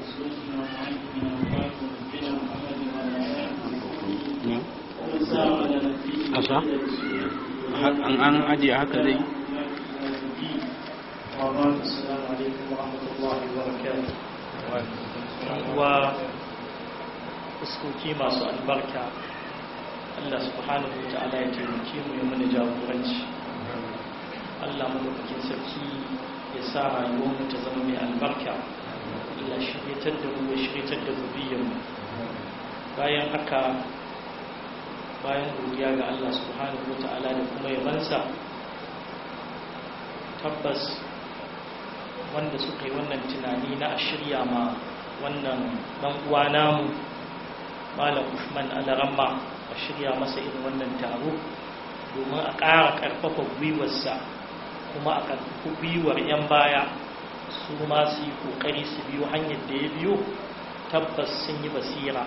asa an an ajiye haka zai wa fuskoki masu albarka Allah subhanahu wa ta'ala ya taimake mu ya mana jagoranci Allah mu sarki ya sa rayuwar mu ta zama mai albarka Allah shiryatar da mu ya da mu bayan haka bayan godiya ga Allah subhanahu ta'ala da kuma yabansa tabbas wanda suka yi wannan tunani na a shirya ma wannan dan uwa namu malam Usman Alaramma a shirya masa irin wannan taro domin a ƙara ƙarfafa gwiwarsa kuma a ƙarfafa gwiwar 'yan baya su ma su yi kokari su biyo hanyar da ya biyo tabbas sun yi basira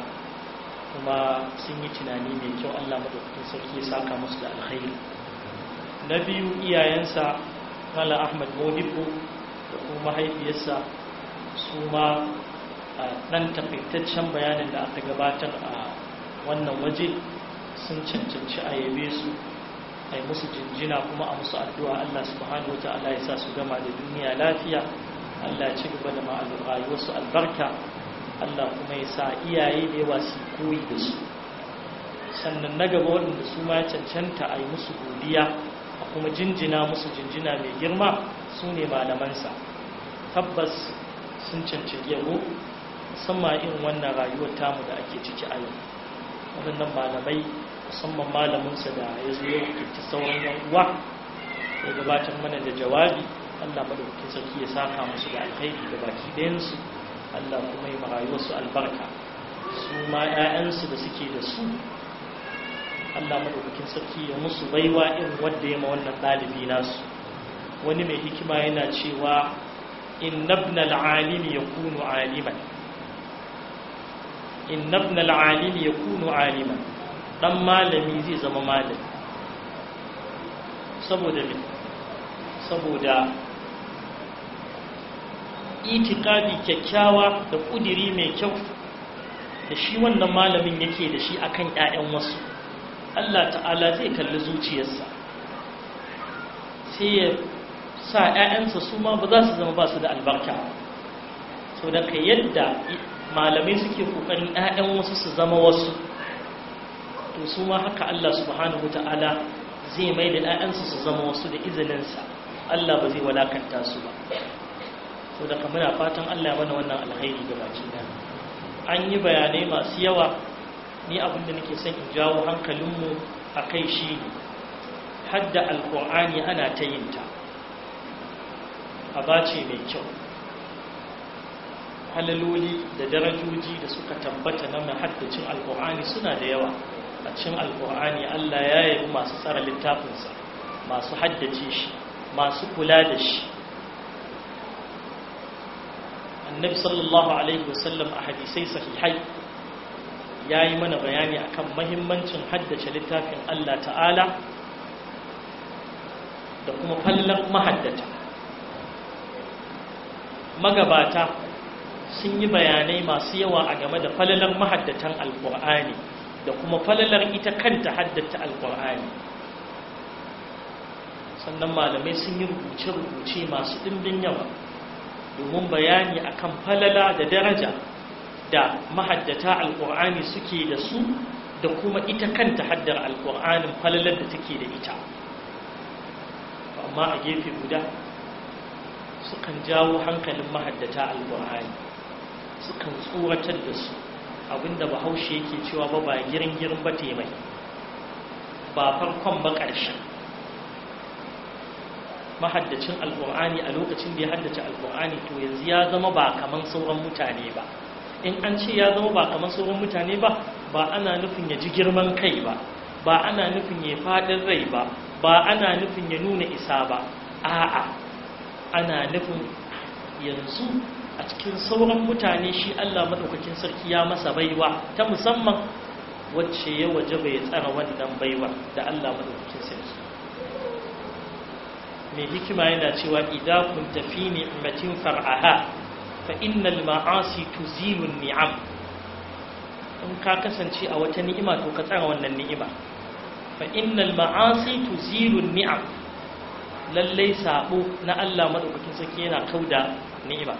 kuma sun yi tunani mai kyau Allah madafin sarki ya saka musu da alkhairi na biyu iyayensa mala ahmad modibo da kuma mahaifiyarsa su ma a ɗan takaitaccen bayanin da aka gabatar a wannan waje sun cancanci a yabe su a yi musu jinjina kuma a musu addu'a Allah subhanahu wa ta'ala ya sa su gama da duniya lafiya Allah ci gaba da rayuwarsu albarka Allah kuma ya sa iyaye da yawa su koyi da su sannan na gaba waɗanda su ma ya cancanta a yi musu godiya a kuma jinjina musu jinjina mai girma su ne malamansa tabbas sun cancanci yabo musamman irin wannan rayuwar tamu da ake ciki a yau waɗannan malamai musamman malaminsa da ya zo ya sauran yan uwa ya gabatar mana da jawabi Allah madaukakin sarki ya saka musu da alkhairi da baki dayansu. Allah kuma ya marayuwarsu albarka su ma 'ya'yansu da suke da su Allah madaukakin sarki ya musu baiwa irin wanda ya ma wannan ɗalibi nasu wani mai hikima yana cewa in nabna al'alimi ya kunu aliman in nabna al'alimi ya kunu aliman dan malami zai zama malami saboda me saboda itikadi kyakkyawa da kudiri mai kyau da shi wannan malamin yake da shi akan ƴaƴan wasu Allah ta'ala zai kalli zuciyarsa sai ya sa ƴaƴansa su ma ba za su zama ba su da albarka sau da ka yadda malamai suke kokarin ƴaƴan wasu su zama wasu to su ma haka Allah subhanahu ta'ala zai mai da ƴaƴansu su zama wasu da izininsa Allah ba zai walakanta su ba so da muna fatan Allah mana wannan alheri ga baki na an yi bayanai masu yawa ni abin da nake son in jawo hankalinmu a kai shi hadda alkur'ani ana ta yin ta aba mai kyau halaloli da darajoji da suka tabbata na mai mahaddacin alkur'ani suna da yawa a cikin alkur'ani Allah ya yi masu tsara littafinsa masu haddace shi masu kula da shi annabi sallallahu alaihi wasallam a hadisai sahihai ya yi mana bayani akan mahimmancin haddace littafin Allah ta'ala da kuma fallon mahaddata magabata sun yi bayanai masu yawa a game da falalar mahaddatan alkur'ani da kuma falalar ita kanta haddata alkur'ani sannan malamai sun yi rubuce-rubuce masu ɗimbin yawa domin bayani akan falala da daraja da mahaddata alkur'ani suke da su da kuma ita kanta haddar alkur'anin falalar da take da ita amma a gefe guda sukan jawo hankalin mahaddata alkur'ani sukan tsoratar da su abinda bahaushe yake cewa ba ba girin girin ba taimai ba farkon ba ƙarshen mahaddacin alkur'ani a lokacin da ya haddace alkur'ani to yanzu ya zama ba kaman sauran mutane ba in an ce ya zama ba kaman sauran mutane ba ba ana nufin ya ji girman kai ba ba ana nufin ya faɗin rai ba ba ana nufin ya nuna isa ba a'a ana nufin yanzu a cikin sauran mutane shi Allah maɗaukakin sarki ya masa baiwa ta musamman wacce ya waje bai tsara wannan baiwa da Allah maɗaukakin sarki mai hikima yana cewa idan kun tafi ni'matin far'aha fa innal ma'asi tuzilu ni'am in ka kasance a wata ni'ima to ka tsara wannan ni'ima fa innal ma'asi tuzilu ni'am lallai sabo na Allah madaukakin sarki yana kauda ni'ima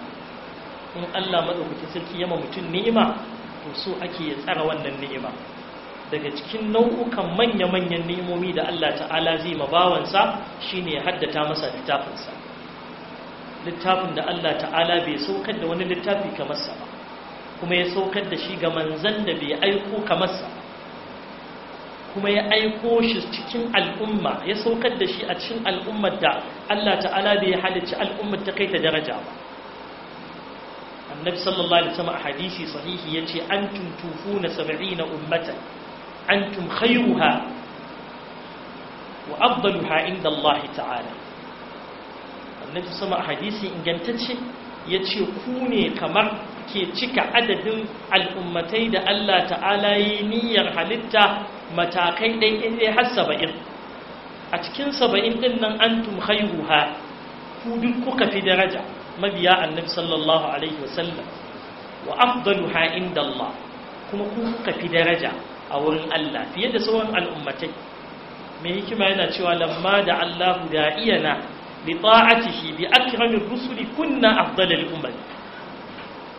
in Allah madaukakin sarki yama mutum ni'ima to so ake ya tsara wannan ni'ima daga cikin nau'ukan manya-manyan ni'imomi da Allah ta'ala zai mabawansa shine ya haddata masa littafinsa littafin da Allah ta'ala bai saukar da wani littafi kamar sa ba kuma ya saukar da shi ga manzan da bai aiko kamar sa kuma ya aiko shi cikin al'umma ya saukar da shi a cikin al'ummar da Allah ta'ala bai halicci al'ummar ta kai ta daraja ba annabi sallallahu alaihi wasallam a hadisi sahihi yace antum na 70 ummatan antum khayruha wa afdaluha inda Allah ta'ala annabi sama hadisi ingantacce yace ku ne kamar ke cika adadin al'ummatai da Allah ta'ala yi niyyar halitta matakai ɗaiɗin ne har saba'in a cikin saba'in ɗin nan an tum haihuha ku duk kuka fi daraja mabiya annabi sallallahu alaihi wasallam wa afdaluha inda kuma ku kuka fi daraja a wurin Allah fiye da sauran al'ummatai mai hikima yana cewa lamma da Allah na bi shi bi akramin rusuli kunna afdalal ummati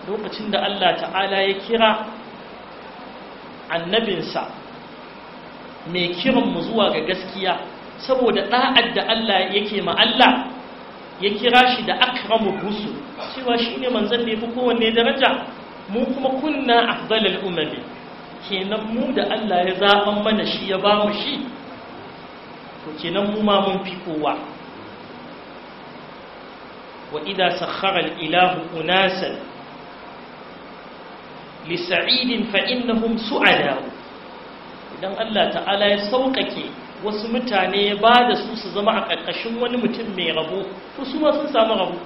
lokacin da Allah ta'ala ya kira annabinsa mai kiran mu zuwa ga gaskiya saboda da'ad da Allah yake ma Allah ya kira shi da akramur rusul cewa shine manzon da kowanne daraja mu kuma kunna afdalal ummati kenan mu da Allah ya zaɓan mana shi ya ba mu shi to kenan mu ma mun fi kowa wa idan sakhara ilahu unasan li sa'idin fa innahum su'ada idan Allah ta'ala ya sauƙaƙe wasu mutane ya ba da su su zama a ƙarƙashin wani mutum mai rabo to su sun samu rabo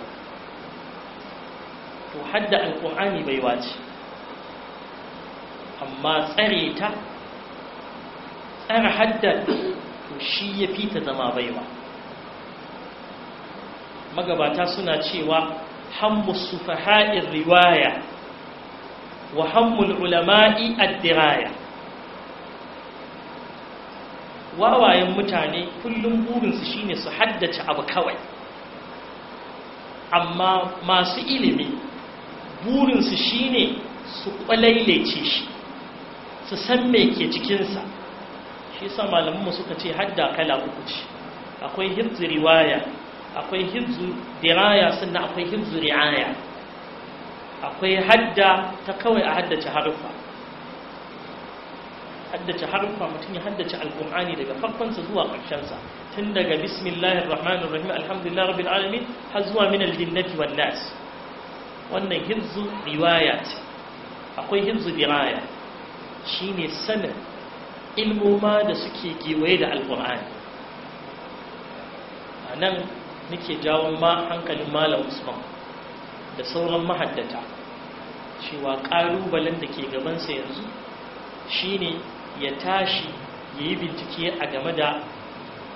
to hadda alƙur'ani bai wace amma tsare ta tsare haddar to shi ya fi ta zama baiwa magabata suna cewa hammu sufaha'in riwaya wa hammul ulama'i addiraya wawayen mutane kullum burinsu shine su haddace abu kawai amma masu ilimi burinsu shine su kwalailece shi su san me ke cikinsa shi sa malamanmu suka ce hadda kala uku ce akwai hibzu riwaya akwai hibzu diraya sannan akwai hibzu ri'aya akwai hadda ta kawai a haddace haruffa haddace haruffa mutum ya haddace alkur'ani daga farkonsa zuwa ƙarshensa tun daga bismillahir rahmanir rahim alhamdulillah rabbil alamin har zuwa min aljinnati wan nas wannan hibzu riwaya ce akwai hibzu diraya shine sanin ilmoma da suke giwaye da alkur'ani a nan nake jawo ma hankalin malam usman da sauran mahaddata cewa ƙalubalen da ke gabansa yanzu shi ne ya tashi ya yi bincike a game da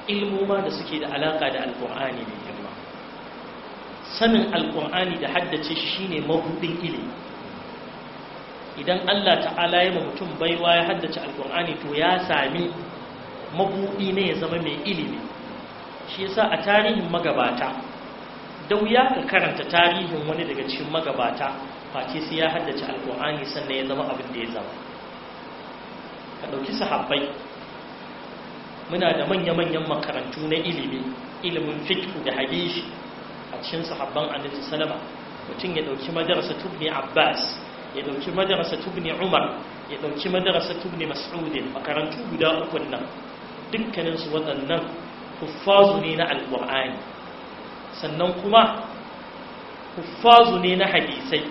ilmoma da suke da alaƙa da alkur'ani mai girma sanin alkur'ani da haddace shi ne mahudin ilimi idan Allah ta'ala ya mutum baiwa ya haddace alkur'ani to ya sami mabuɗi ne ya zama mai ilimi shi yasa a tarihin magabata da wuya ka karanta tarihin wani daga cikin magabata face sai ya haddace alkur'ani sannan ya zama abin da ya zama ka ɗauki sahabbai muna da manya-manyan makarantu na ilimi ilimin fiqh da hadisi a cikin sahabban annabi sallama mutum ya ɗauki madarasa tubni abbas ya dauki madarasa tubni umar ya ɗauki madarasa tubni mas'udin makarantu guda uku nan dukkaninsu waɗannan huffazu ne na alƙur'ani sannan kuma kufazu ne na hadisai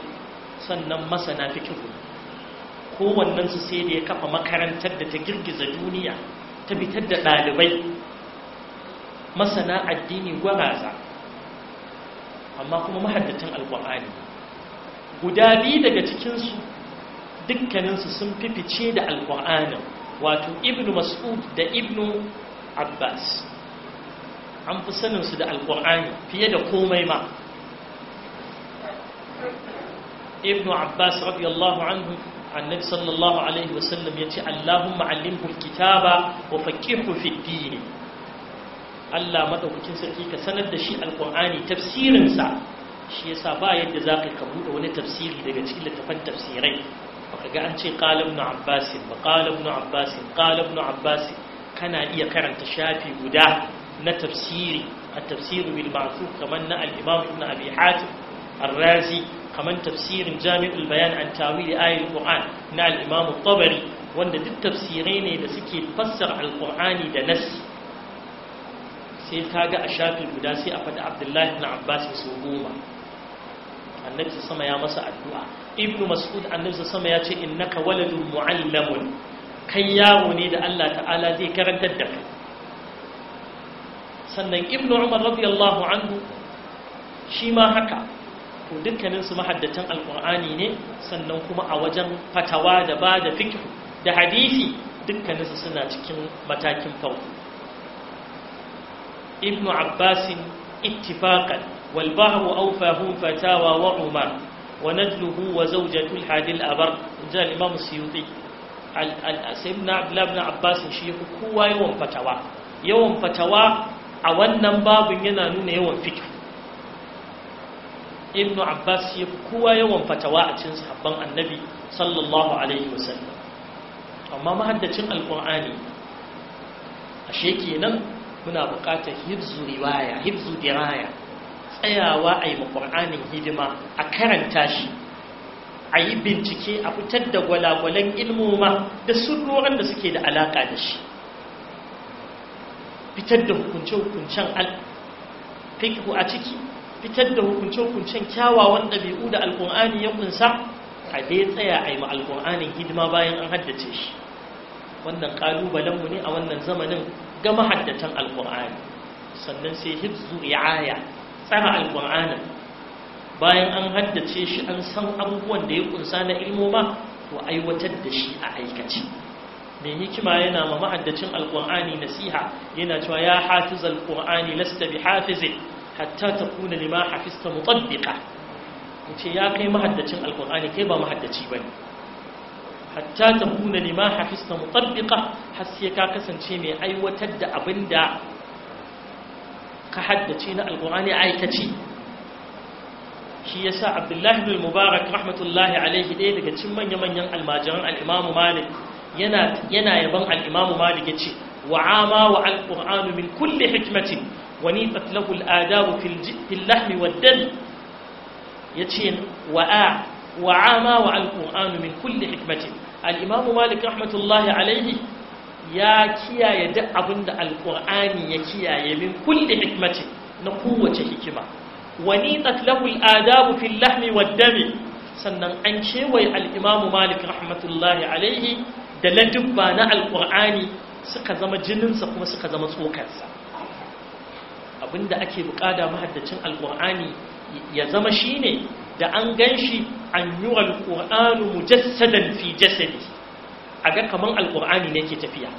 sannan masana fikihu kowannensu sai da ya kafa makarantar da ta girgiza duniya ta fitar da ɗalibai masana addini gwaraza amma kuma mahaddatan alƙur'ani guda biyu daga cikinsu dukkaninsu sun fifice da alƙur'anin wato ibnu mas'ud da ibnu abbas an fi saninsu da alƙur'ani fiye da komai ma ibnu abbas radiyallahu anhu annabi sallallahu alaihi wasallam ya ce allahumma allimhu alkitaba wa faqihu fi din Allah madaukakin sarki ka sanar da shi alƙur'ani tafsirinsa shi yasa ba yadda za ka buɗe wani tafsiri daga cikin littafan tafsirai baka ga an ce qala ibn abbas ba qala ibn abbas qala ibn abbas kana iya karanta shafi guda na tafsiri at-tafsir bil ma'thur kaman na al-imam ibn abi hatim ar-razi kaman tafsirin jami'ul bayan an tawil ayatul qur'an na al-imam at-tabari wanda duk tafsirai ne da suke fassara al-qur'ani da nassi sai ka ga a shafi guda sai a faɗi abdullahi na abbas su goma annabi sama ya masa addu'a ibnu mas'ud annabi sama ya ce innaka waladun mu'allamun kai yaro ne da Allah ta'ala zai karantar da kai sannan ibnu umar radiyallahu anhu shi ma haka to dukkanin su mahaddatan alqur'ani ne sannan kuma a wajen fatawa da ba da fiqh da hadisi dukkanin su suna cikin matakin farko ibnu abbasin ittifaqan والبحر أوفاهم فتاوى وعمر وندله وزوجة الحادي الأبر جاء الإمام السيوطي سيدنا عبد الله بن عباس شيخ كوا يوم فتوى يوم فتوى أولا باب ينانون يوم فكر ابن عباس شيخ كوا يوم فتوى أتنس حبان النبي صلى الله عليه وسلم أما ما هدتن القرآن أشيكي نم هنا بقاته حفظ رواية حفظ دراية tsayawa a yi maƙur'anin hidima a karanta shi a yi bincike a fitar da gwalagwalen ilmoma da surorin da suke da alaƙa da shi fitar da hukunce-hukuncen fikihu a ciki fitar da hukunce-hukuncen kyawawan ɗabi'u da alƙur'ani ya kunsa a dai tsaya a yi ma alƙur'anin hidima bayan an haddace shi wannan ƙalubalenmu ne a wannan zamanin ga mahaddatan alƙur'ani sannan sai hibzu aya tsara alƙur'anin bayan an haddace shi an san abubuwan da ya kunsa na ilmo ba to aiwatar da shi a aikace mai hikima yana ma ma'addacin alƙur'ani nasiha yana cewa ya hafiz alƙur'ani lasta bi hafize? hatta ta kuna lima hafista mutabbiqa ce ya kai mahaddacin alƙur'ani kai ba mahaddaci bane hatta ta kuna lima hafista mutabbiqa har sai ka kasance mai aiwatar da abinda ka haddace na alkur'ani aikaci shi ya sa abdullahi bin mubarak rahmatullahi alaihi ɗaya daga cin manya-manyan almajiran al'imamu malik yana yaban al'imamu malik ya ce wa'ama wa alƙur'anu min kulle hikmatin wani fatlahul adabu fil waddan ya ce wa alƙur'anu min kulle hikmatin al'imamu malik rahmatullahi alaihi ya kiyaye duk abin da alƙur'ani ya kiyaye min kulli hikmati na kowace hikima wani tsaklahul adabu fil lahmi wa dami sannan an kewaye al'imamu malik rahmatullahi alaihi da ladubba na alƙur'ani suka zama jininsa kuma suka zama tsokarsa abinda ake bukada mahaddacin alƙur'ani ya zama shine da an ganshi an yi alƙur'anu mujassadan fi jasadi a ga kaman alkur'ani ne ke tafiya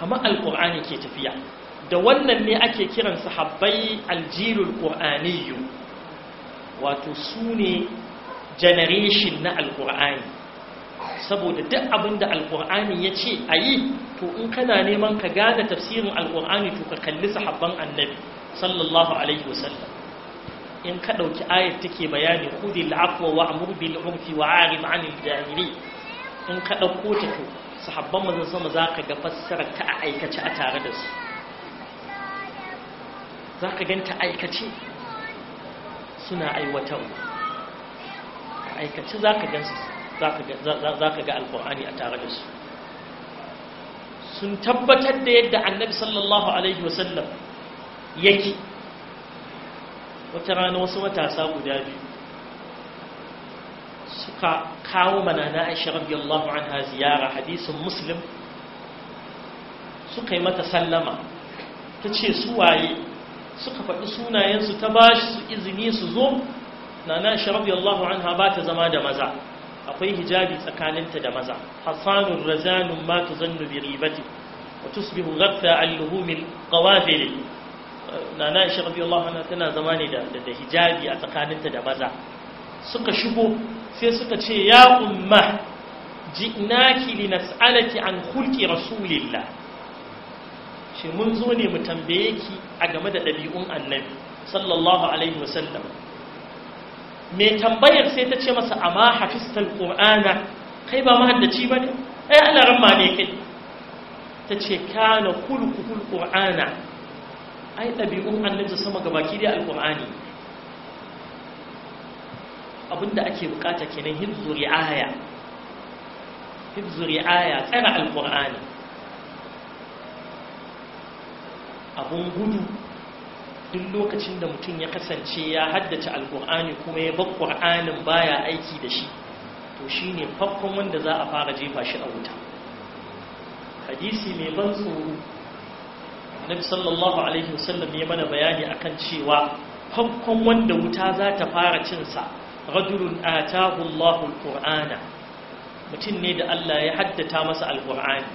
kaman alkur'ani ke tafiya da wannan ne ake kiran sahabbai aljilul qur'aniyyu wato su ne generation na alkur'ani saboda duk abin da alkur'ani ya ce a yi to in kana neman ka gane tafsirin alkur'ani to ka kalli sahabban annabi sallallahu alaihi wasallam in ka ɗauki ayat take bayani khudil afwa wa amur bil urfi wa arim anil jahili in ka ɗauko ta to sahabban mazan sama za ka ga fassara ta a aikace a tare da su za ka gan ta aikace suna aiwatarwa a aikace za ka gansu za ka ga alkur'ani a tare da su sun tabbatar da yadda annabi sallallahu alaihi wasallam yake wata rana wasu matasa guda biyu suka kawo mana na aisha radiyallahu anha ziyara hadisin muslim suka yi mata sallama ta ce su waye suka faɗi sunayensu ta ba su izini su zo na na aisha anha ba ta zama da maza akwai hijabi tsakaninta da maza hassanun razanun ma tuzannu bi ribati wa tusbihu ghaffa al-luhumil qawafil nana rabi Allah anha tana zama ne da da hijabi a tsakaninta da maza suka shigo sai suka ce ya umma ji'naki linas'alaki an khulqi rasulillah shi mun zo ne mu tambaye ki a game da ɗabi'un annabi sallallahu alaihi wasallam Me tambayar sai ta ce masa amma hafistal qur'ana kai ba mahaddaci bane ai Allah ramma ne kai ta ce kana kulku qur'ana ai ɗabi'un annabi sama ga baki da alƙur'ani abinda ake bukata kenan hibzu ri'aya hibzu ri'aya tsara alƙur'ani abun gudu duk lokacin da mutum ya kasance ya haddace alƙur'ani kuma ya bar ƙur'anin baya aiki da shi to shine farkon wanda za a fara jefa shi a wuta hadisi mai ban tsoro annabi sallallahu alaihi wasallam ya mana bayani akan cewa farkon wanda wuta za ta fara cinsa rajulun atahu Allahu alqur'ana mutum ne da Allah ya haddata masa alqur'ani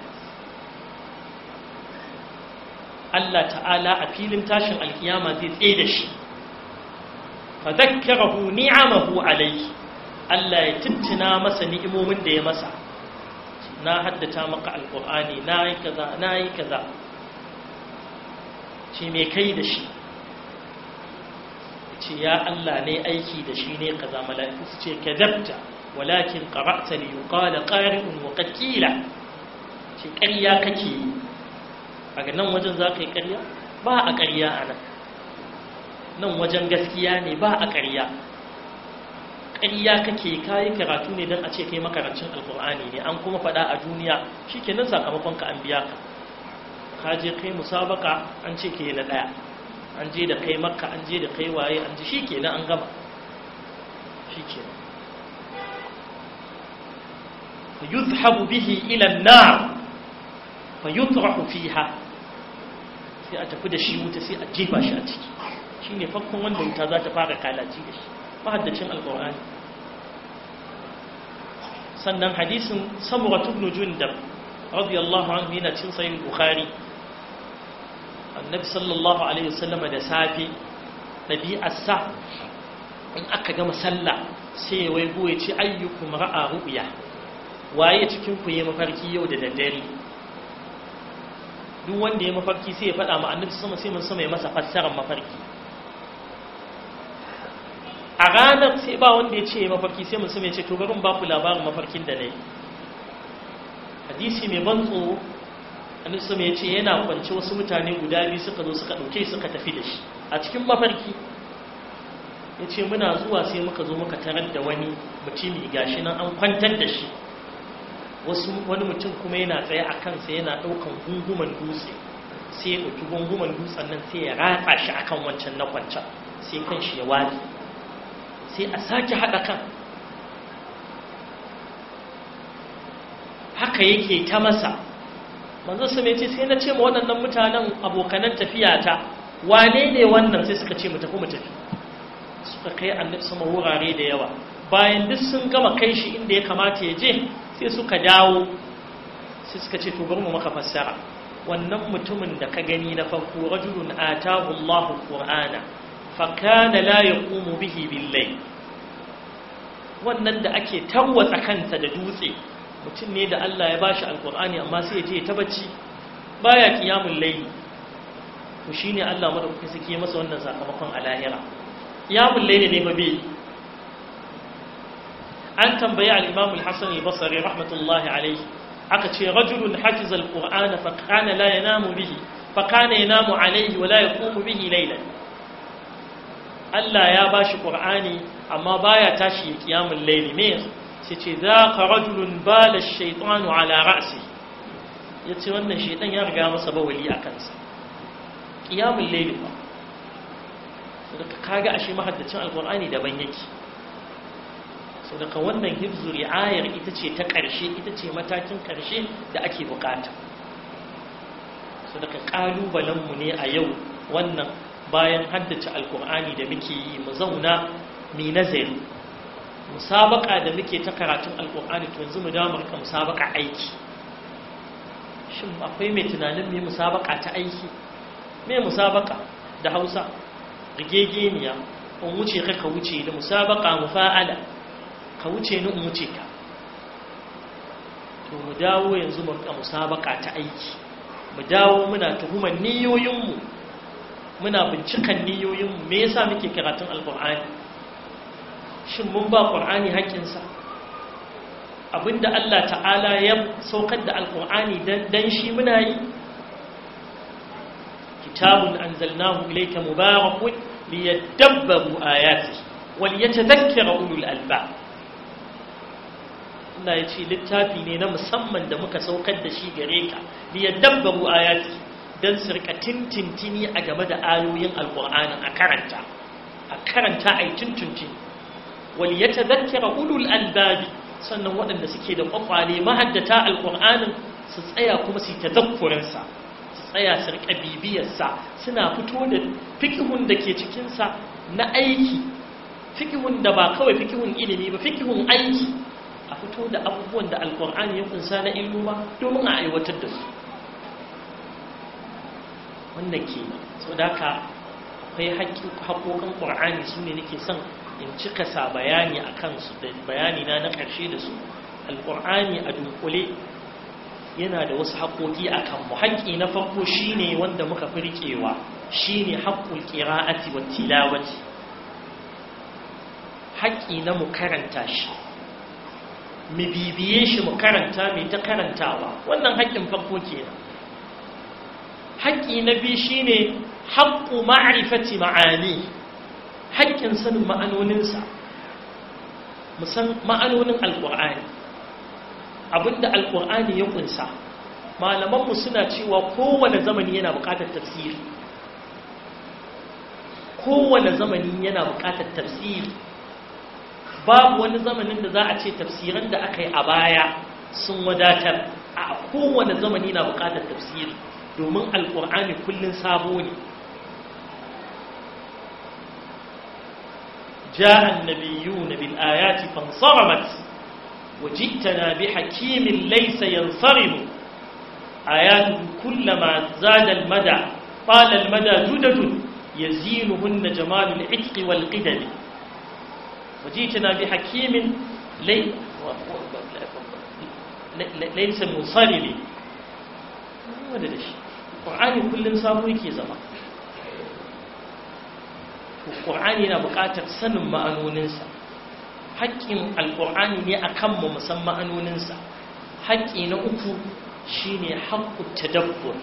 Allah ta'ala a filin tashin alkiyama zai tsaye da shi fa zakkarahu ni'amahu alayhi Allah ya tuntuna masa ni'imomin da ya masa na haddata maka alqur'ani na kaza na yi kaza shi mai kai da shi ce ya Allah ne aiki da shi ne kaza mala'iku su ce kadabta walakin ne yuka da qari'un wa waƙaƙila. ce ƙarya kake yi a nan wajen za ka yi ƙarya ba a ƙarya a nan nan wajen gaskiya ne ba a ƙarya ƙarya kake kayi karatu ne don a ce kai makarancin Alƙur'ani ne an kuma faɗa a duniya shi kenan sakamakon ka an biya ka ka je kai musabaka an ce ke na daya an je da kai makka an je da kai waye an ji shikenan an gama shikenan yuzhabu bihi ila an fa yutrahu fiha sai a tafi da shi wuta sai a jefa shi a ciki shine farkon wanda wuta za ta fara kalaci da shi mahaddacin alqur'ani sannan hadisin samuratu ibn jundab radiyallahu anhu yana cin sahih bukhari annabi sallallahu alaihi wasallam da safi ɗabi'arsa in aka gama sallah sai ya waigo ya ce ayyukum ra'a ru'ya waye cikin ku yayi mafarki yau da daddare duk wanda ya mafarki sai ya faɗa ma annabi sama sai mun sama ya masa fassarar mafarki a ranar sai ba wanda ya ce ya mafarki sai mun sama ya ce to garin ba ku labarin mafarkin da nayi hadisi mai ban tsoro annisum ya ce yana kwance wasu mutane guda biyu suka zo suka ɗauke suka tafi da shi a cikin mafarki ya ce muna zuwa sai muka zo muka tarar da wani mutumi gashi nan an kwantar da shi wasu wani mutum kuma yana tsaye a kansa yana ɗaukan gunguman dutse sai ya ɗauki gunguman dutsen nan sai ya ratsa shi akan wancan na kwancan sai kan shi ya wali sai a sake haɗa kan haka yake ta masa manzo su ce sai na ce ma waɗannan mutanen abokanan tafiya ta wane ne wannan sai suka ce mu tafi mu tafi suka kai annabi sama wurare da yawa bayan duk sun gama kai shi inda ya kamata ya je sai suka dawo sai suka ce to bar mu maka fassara wannan mutumin da ka gani na farko rajulun atahu Allahu qur'ana fa kana la yaqumu bihi billayl wannan da ake tarwatsa kanta da dutse mutum ne da Allah ya bashi alkur'ani amma sai ya je ta bacci baya qiyamul layli to shine Allah madaukaki sake masa wannan sakamakon a lahira qiyamul layli ne mabi an tambaye al-Imam al-Hasan al-Basri rahmatullahi alayhi aka ce rajulun hafiza al-Qur'ana fa kana la yanamu bihi fa kana yanamu alayhi wa la yaqumu bihi laylan Allah ya bashi Qur'ani amma baya tashi qiyamul me yasa? sai ce za ka rajulun bala shaitanu ala ra'si ya ce wannan shaitan ya riga masa bawali a kansa ƙiyamun lailin ba ka kaga ashe mahaddacin alkur'ani daban yake sadaka wannan hifzu ri'ayar ita ce ta ƙarshe ita ce matakin ƙarshe da ake bukata sadaka ƙalubalenmu ne a yau wannan bayan haddace alkur'ani da muke yi mu zauna mai nazari musabaka da muke ta karatun alkur'ani to yanzu mu damar ka musabaka aiki shin akwai mai tunanin mai musabaka ta aiki mai musabaka da hausa rigegeniya in wuce ka ka wuce da musabaka fa'ala ka wuce ni in wuce ka to mu dawo yanzu mu ka musabaka ta aiki mu dawo muna tuhumar niyoyinmu muna bincikan niyoyinmu me yasa muke karatun alkur'ani shin mun ba ƙur'ani haƙƙinsa abinda Allah ta'ala ya saukar da alƙur'ani dan shi muna yi kitabun anzalnahu ilayka mubarakun liyadabbaru ayati wal yatadhakkara ulul alba Allah ya ce littafi ne na musamman da muka saukar da shi gare ka liyadabbaru ayati Don sirka tintintini a game da ayoyin alƙur'anin a karanta a karanta a yi tintintini wal yatadhakkara ulul albabi sannan waɗanda suke da kwakwale mahaddata alqur'anin su tsaya kuma su ta sa su tsaya su riƙa bibiyarsa, suna fito da fikihun da ke cikinsa na aiki fikihun da ba kawai fikihun ilimi ba fikihun aiki a fito da abubuwan da alqur'ani ya kunsa na ba domin a aiwatar da su wannan ke so da haka akwai haƙoƙin ƙur'ani su ne nake son in cika sa bayani a kansu bayani na na ƙarshe da su alƙur'ani a dunkule yana da wasu haƙoƙi a kanmu haƙƙi na farko ne wanda muka fi riƙewa shine haƙƙul ƙira'ati wa tilawati haƙƙi na mu karanta shi mu bibiye shi mu karanta mai ta karantawa wannan haƙƙin farko kenan haƙƙi na biyu shine haƙƙu ma'rifati ma'ani haƙƙin sanin ma'anoninsa musan ma'anonin alƙur'ani abinda alƙur'ani ya ƙunsa malamanmu suna cewa kowane zamani yana buƙatar tafsiri kowane zamani yana buƙatar tafsiri babu wani zamanin da za a ce tafsiran da aka yi a baya sun wadatar a kowane zamani na buƙatar tafsiri domin alƙur'ani kullum sabo ne جاء النبيون بالآيات فانصرمت وجئتنا بحكيم ليس ينصرم آياته كلما زاد المدى طال المدى جدد يزينهن جمال العتق والقدم وجئتنا بحكيم لي ليس منصرم ولا القرآن كل سابو يكي زمان ƙur'ani na buƙatar sanin ma'anoninsa haƙƙin alƙur'ani ne a kanmu musan ma'anoninsa haƙƙi na uku shi ne haƙƙun tadabbur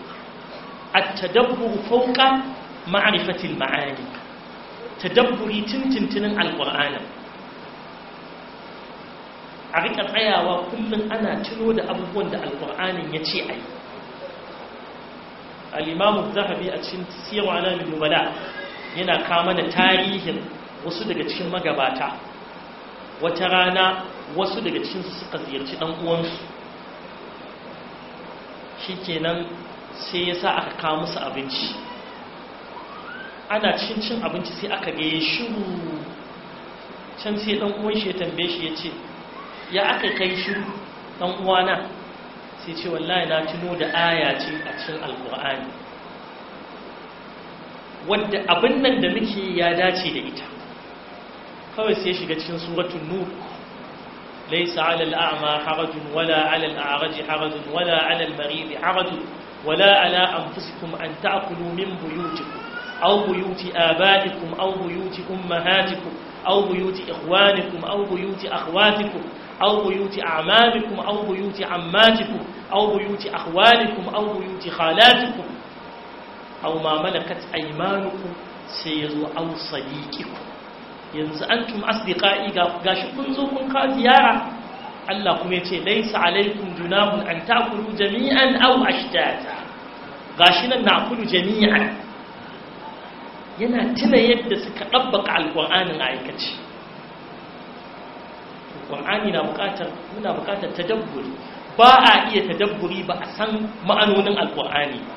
a tadabbur fauka ma'arifatil ma'ani tadabburi tintintinin alƙur'anin a riƙa tsayawa kullum ana tuno da abubuwan da alƙur'anin ya ce a yi al'imamu zahabi a cikin siyarwa na nubala yana kama da tarihin wasu daga cikin magabata wata rana wasu daga cikin suka ziyarci dan uwansu shikenan sai yasa aka kawo musu abinci ana cikin cin abinci sai aka ga shiru can sai dan uwan shi ya tambaye shi ya ce ya aka kai shiru dan uwana sai ce wallahi na tuno da aya ce a cikin alkur'ani wanda abin nan da muke ya dace da ita kawai sai shiga cikin suratul nur laysa 'ala al-a'ma harajun wala 'ala al-a'raj harajun wala 'ala al-marid harajun wala 'ala anfusikum an ta'kulu min buyutikum aw buyuti abaikum aw buyuti ummahatikum aw buyuti ikhwanikum aw buyuti akhwatikum aw buyuti أعمامكم aw buyuti ammatikum aw buyuti akhwalikum aw buyuti khalatikum aw ma malakat aymanukum sai yazo aw sadiqikum yanzu antum asdiqai gashi kun zo kun ka ziyara Allah kuma yace laysa alaikum junahun an ta'kulu jami'an aw ashtata gashi nan kulu jami'an yana tuna yadda suka dabbaka alqur'anin aikace alqur'ani na bukatar muna bukatar tadabburi ba a iya tadabburi ba a san ma'anonin alqur'ani ba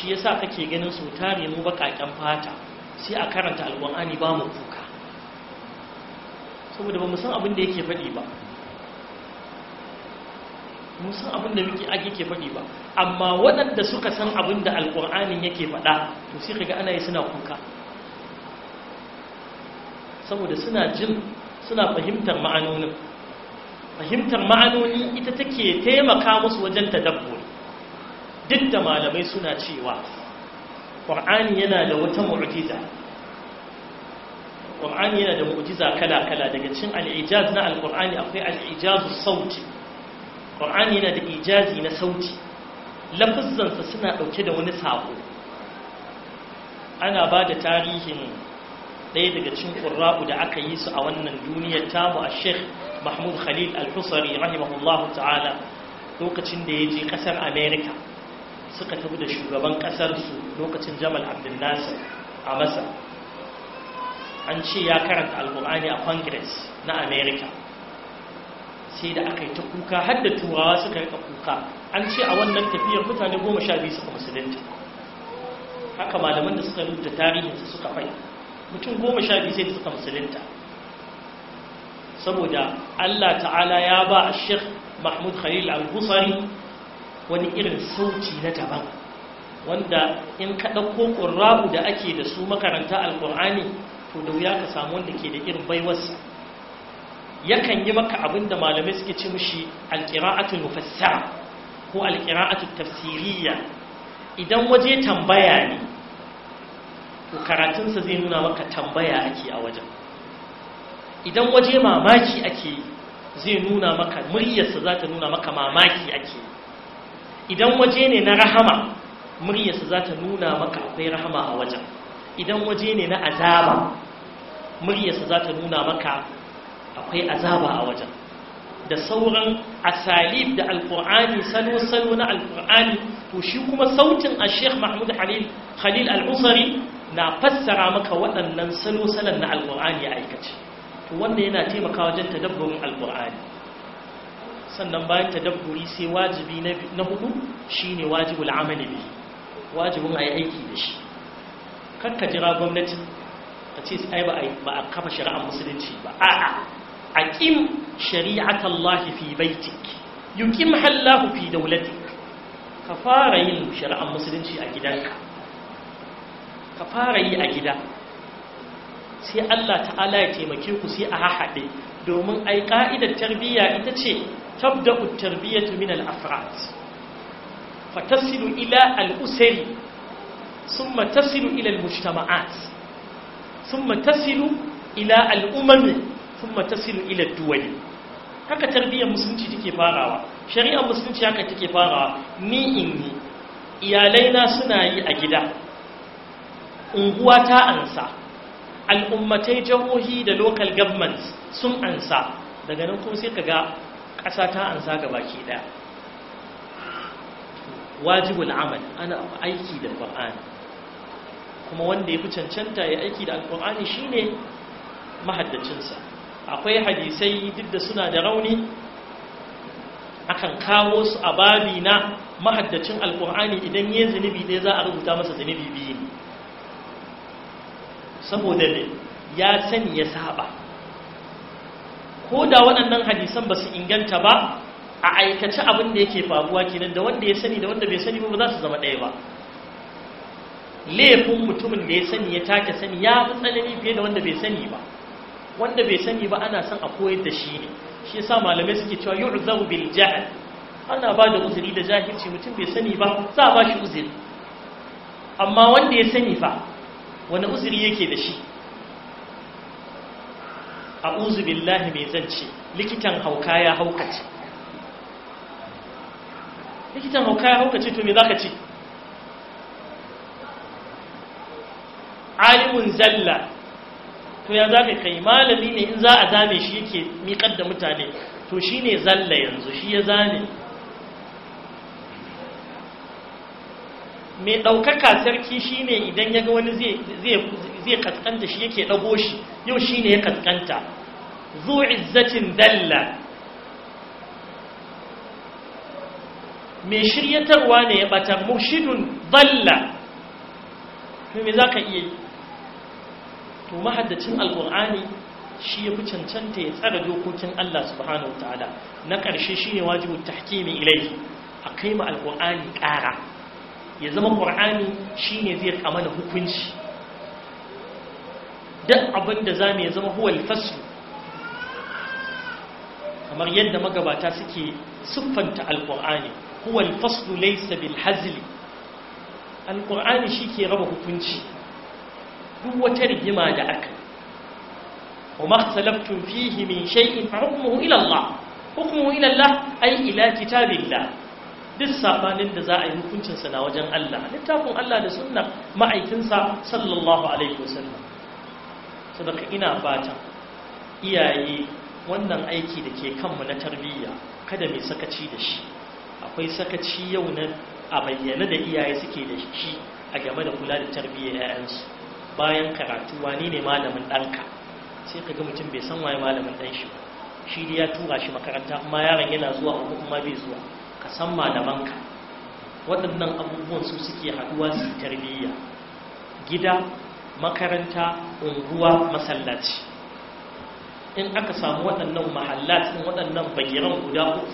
shi yasa kake ganin su tare mu baƙaƙen fata sai a karanta alƙur'ani ba mu kuka saboda ba mu san abin da yake faɗi ba mu san abin da muke ake ke faɗi ba amma waɗanda suka san abin da alƙur'anin yake faɗa to sai kaga ana yi suna kuka saboda suna jin suna fahimtar ma'anonin fahimtar ma'anoni ita take taimaka musu wajen tadabbu duk da malamai suna cewa ƙwar'ani yana da wata mu'ujiza ƙwar'ani yana da mu'ujiza kala-kala daga cin al'ijaz na al'ƙwar'ani akwai al'ijazu sauti ƙwar'ani yana da ijazi na sauti lafizansa suna ɗauke da wani sako. ana ba da tarihin ɗaya daga cin ƙurra'u da aka yi su a wannan duniyar tamu a sheikh mahmud khalil al-husari rahimahullahu ta'ala lokacin da ya je ƙasar america suka tafi da shugaban ƙasarsu lokacin jamal abdul a masa an ce ya karanta alkur'ani a congress na america sai da aka yi ta kuka har da turawa suka rika kuka an ce a wannan tafiyar mutane goma sha biyu suka musulunta haka malaman da suka rubuta tarihinsu suka fai mutum goma sha biyu sai da suka musulunta saboda allah ta'ala ya ba a sheikh mahmud khalil al-husari wani irin sauci na daban wanda in ka ɗauko ƙurrabu da ake da su makaranta alƙur'ani to da wuya ka samu wanda ke da irin baiwarsa yakan yi maka abin da malamai suke ci mushi alƙira'atu mufassara ko alƙira'atu tafsiriya idan waje tambaya ne to karatunsa zai nuna maka tambaya ake a wajen idan waje mamaki ake zai nuna maka muryarsa za ta nuna maka mamaki ake yi idan waje ne na rahama muryarsa za ta nuna maka akwai rahama a wajen idan waje ne na azaba muryarsa za ta nuna maka akwai azaba a wajen da sauran asalib da alkur'ani salo-salo na alkur'ani to shi kuma sautin a sheikh mahmud khalil al'usari na fassara maka waɗannan salo-salon na alkur'ani a aikace to wanda yana taimaka wajen tadabbarin alkur'ani sannan bayan tadabburi sai wajibi na hudu shine wajibul amali bi wajibin ayi aiki da shi kakka jira gwamnati ta ce sai ba ba a kafa shari'ar musulunci ba a'a aqim shari'ata Allah fi baitik yuqim hallahu fi dawlatik ka fara yin shari'ar musulunci a gidanka ka fara yi a gida sai Allah ta'ala ya taimake ku sai a haɗe domin ai ka'idar tarbiyya ita ce تبدأ التربية من الأفراد فتصل إلى الأسر ثم تصل إلى المجتمعات ثم تصل إلى الأمم ثم تصل إلى الدول haka tarbiyyar musulunci take farawa shari'ar musulunci haka take farawa ni in yi iyalaina suna yi a gida unguwa ta ansa al'ummatai jihohi da local governments sun ansa daga nan kuma sai ka ga ƙasa ta ansa ga baki ɗaya wajibul amal ana aiki da qur'ani kuma wanda ya fi cancanta ya aiki da shi ne mahaddacinsa akwai hadisai duk da suna da rauni akan kawo su a babi na mahaddacin alqur'ani idan ya zunubi ɗaya za a rubuta masa zunubi biyu saboda ya sani ya saba ko da waɗannan hadisan ba su inganta ba a aikace abin da yake faruwa kenan da wanda ya sani da wanda bai sani ba za su zama ɗaya ba laifin mutumin da ya sani ya take sani ya fi tsanani fiye da wanda bai sani ba wanda bai sani ba ana son a koyar da shi ne shi yasa malamai suke cewa yu'zaru bil jahl ana ba da uzuri da jahilci mutum bai sani ba za a ba shi uzuri amma wanda ya sani fa wani uzuri yake da shi a billahi mai zance likitan hauka ya haukace likitan hauka ya haukace to me za ka ce alimun zalla to ya za ka kai malami ne in za a zame shi yake miƙar da mutane to shi ne zalla yanzu shi ya zame mai ɗaukaka sarki shine idan ya ga wani zai kaskanta shi yake ɗago shi yau shine ya kaskanta zu izzatin dalla mai shiryatarwa ne ya ɓata murshidun dalla mai za ka iya to mahaddacin alkur'ani shi ya fi cancanta ya tsara dokokin Allah subhanahu wa ta'ala na ƙarshe shi ne wajibin tahkimi ilaihi a kai ma alkur'ani ƙara ya zama ƙur'ani shi ne zai amana hukunci duk abinda da za mu ya zama huwal fasu kamar yadda magabata suke siffanta alƙur'ani huwal fasu laisa bil hazli alƙur'ani shi ke raba hukunci duk wata rigima da aka وما اختلفتم فيه من شيء فحكمه إلى الله حكمه إلى allah أي إلى kitabin الله duk sabanin da za a yi hukuncinsa na wajen Allah littafin Allah da sunna ma'aikinsa sallallahu alaihi wasallam saboda ina fatan iyaye wannan aiki da ke kanmu na tarbiyya kada mai sakaci da shi akwai sakaci yau na a bayyana da iyaye suke da shi a game da kula da tarbiyyar 'ya'yansu bayan karatu wani ne malamin ɗanka sai ka ga mutum bai san waye malamin ɗan shi ba shi ya tura shi makaranta amma yaron yana zuwa ko kuma bai zuwa da banka, waɗannan abubuwan su suke haɗuwa su tarbiyya gida makaranta unguwa masallaci in aka samu waɗannan mahallat waɗannan bayyaran guda uku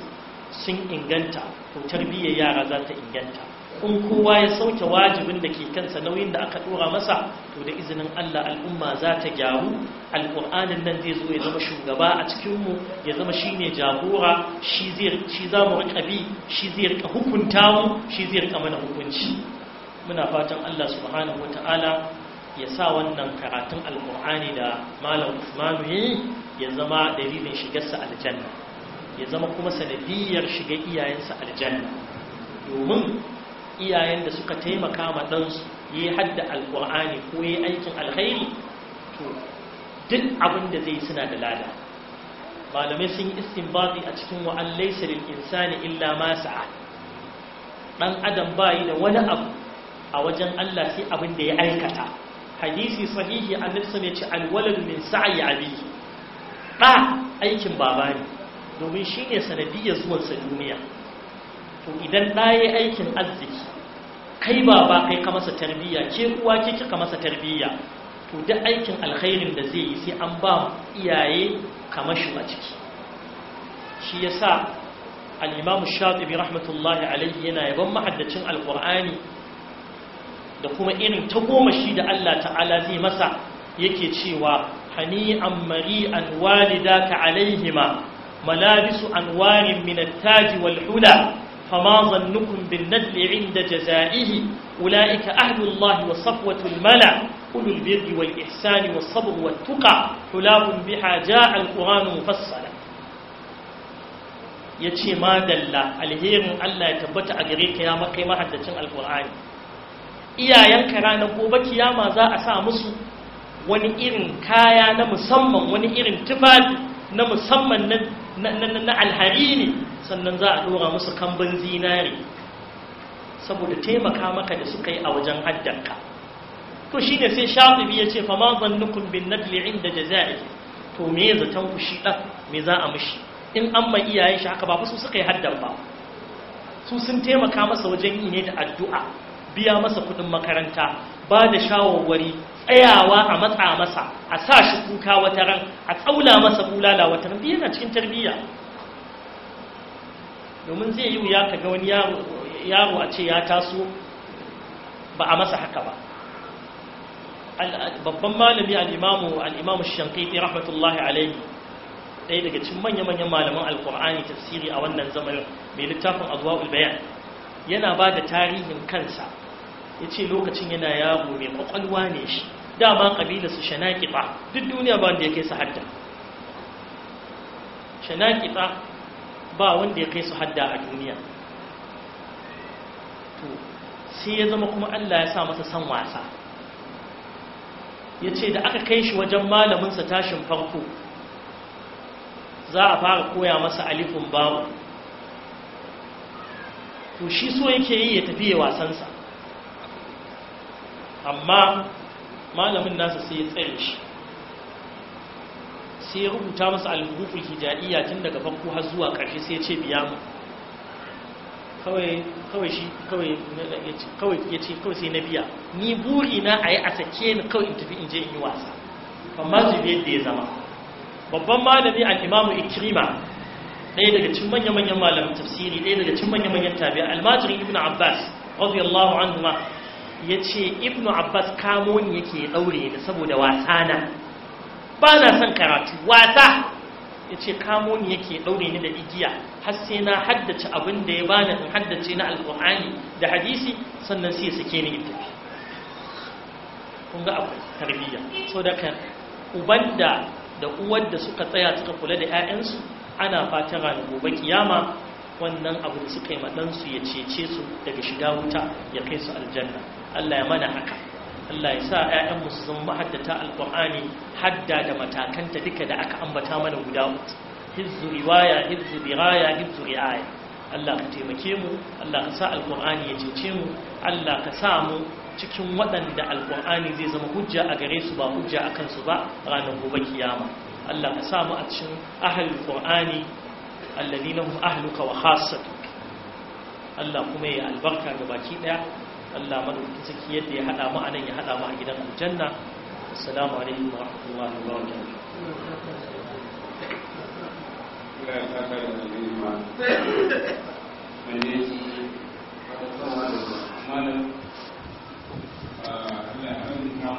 sun inganta ko tarbiyyar yara za ta inganta in kowa ya sauke wajibin da ke kansa nauyin da aka dora masa to da izinin Allah al'umma za ta gyaru alƙur'anin nan zai zo ya zama shugaba a cikinmu ya zama shi ne jagora shi za mu riƙa bi shi zai riƙa hukunta mu shi zai riƙa mana hukunci muna fatan Allah subhanahu wa ta'ala ya sa wannan karatun alƙur'ani da malam usmanu ya zama dalilin shigarsa aljanna ya zama kuma sanadiyar shiga iyayensa aljanna domin iyayen da suka taimaka matsansu ya yi hadda alkur'ani ko ya yi aikin alkhairi to duk abinda zai suna da lada malamai sun yi istinbati a cikin wa'an laisa insani illa ma sa'a dan adam bayi da wani abu a wajen Allah sai abin da ya aikata hadisi sahihi annabi sun yace alwalad min sa'i abi da aikin baba ne domin shine sanadiyar zuwansa duniya to idan ɗaya aikin arziki kai baba kai ka masa tarbiyya ke kuwa ke kika masa tarbiyya to da aikin alkhairin da zai yi sai an ba iyaye kamar shi a ciki shi ya sa imam shatibi rahmatullahi alayhi yana yaban mahaddacin alkur'ani da kuma irin ta goma shi da Allah ta'ala zai masa yake cewa an mari'an walidaka alaihima malabisu anwarin min at-taj wal hula فما ظنكم بالنجل عند جزائه أولئك أهل الله وصفوة الملا أولو البر والإحسان والصبر والتقى حلاب بها جاء القرآن مفصلا يتشي ما دل الهير ألا يتبت أجريك يا مقيمة حتى تشم القرآن إيا ينكران قوبك يا ما زاء سامسو wani irin kaya na musamman wani irin tufafi na musamman na alhari ne sannan za a dora musu kamban zinari saboda taimaka maka da suka yi a wajen haddanka to shi ne sai shafi ya ce fama zannukun bin nadli inda jaza'i to me ya zaton ku shi ɗan me za a mushi? in an mai iyayen shi haka ba su suka yi haddan ba su sun taimaka masa wajen yi ne da addu'a biya masa kuɗin makaranta ba da shawarwari tsayawa a matsa masa a sa shi kuka wata ran a tsaula masa bulala wata ran biya na cikin tarbiyya domin zai yi ya kaga wani yaro a ce ya taso ba a masa haka ba babban malami al'imamu al'imamu shankiti rahmatullahi alaihi ɗaya daga cikin manya-manyan malaman alkur'ani tafsiri a wannan zamanin mai littafin abuwa bayan yana ba da tarihin kansa ya ce lokacin yana yaro mai kwakwalwa ne shi dama ƙabila su ba duk duniya ba wanda ya kai su hadda ba ba wanda ya kai su hadda a duniya to sai ya zama kuma Allah ya sa masa san wasa ya ce da aka kai shi wajen malaminsa tashin farko za a fara koya masa alifin babu to shi so yake yi ya tafi ya wasansa amma malamin nasa sai ya tsare shi sai ya rubuta masa al-huruful hijaiyya tun daga farko har zuwa ƙarshe sai ya ce biya mu kawai shi kawai ya ce kawai sai na biya ni buri a yi a sake ni kawai in tafi in je in yi wasa amma su yadda ya zama babban malami al-imamu Ikirima. ɗaya daga cin manya-manyan malamin tafsiri ɗaya daga cin manya-manyan tabi'a almajirin Ibn abbas radiyallahu anhu ma ya ce Ibn abbas kamo ni yake ɗaure ni saboda wasana ba na son karatu wasa ya ce kamo ni yake ɗaure ni da igiya har sai na haddace abin da ya bani in haddace na alƙur'ani da hadisi sannan sai ya sake ni tafi kun ga abu tarbiyya so da kan uban da da uwar da suka tsaya suka kula da 'ya'yansu ana fatan ranar gobe kiyama wannan abu da suka yi maɗansu ya cece su daga shiga wuta ya kai su aljanna Allah ya mana haka Allah ya sa ƴaƴan mu su zama haddata alqur'ani hadda da matakanta duka da aka ambata mana guda mutu. hizzu riwaya hizzu diraya hizzu riaya Allah ka taimake mu Allah ka sa alqur'ani ya cece mu Allah ka sa mu cikin waɗanda alqur'ani zai zama hujja a gare su ba hujja akan su ba ranar gobe kiyama Allah ka sa mu a cikin ahlul qur'ani alladhina mu ahluka wa Allah kuma ya albarka ga baki ɗaya. Allah maɗauki saki yadda ya mu anan ya haɗa mu a gidan aljanna assalamu alaikum wa rahmatullahi wa barakatuh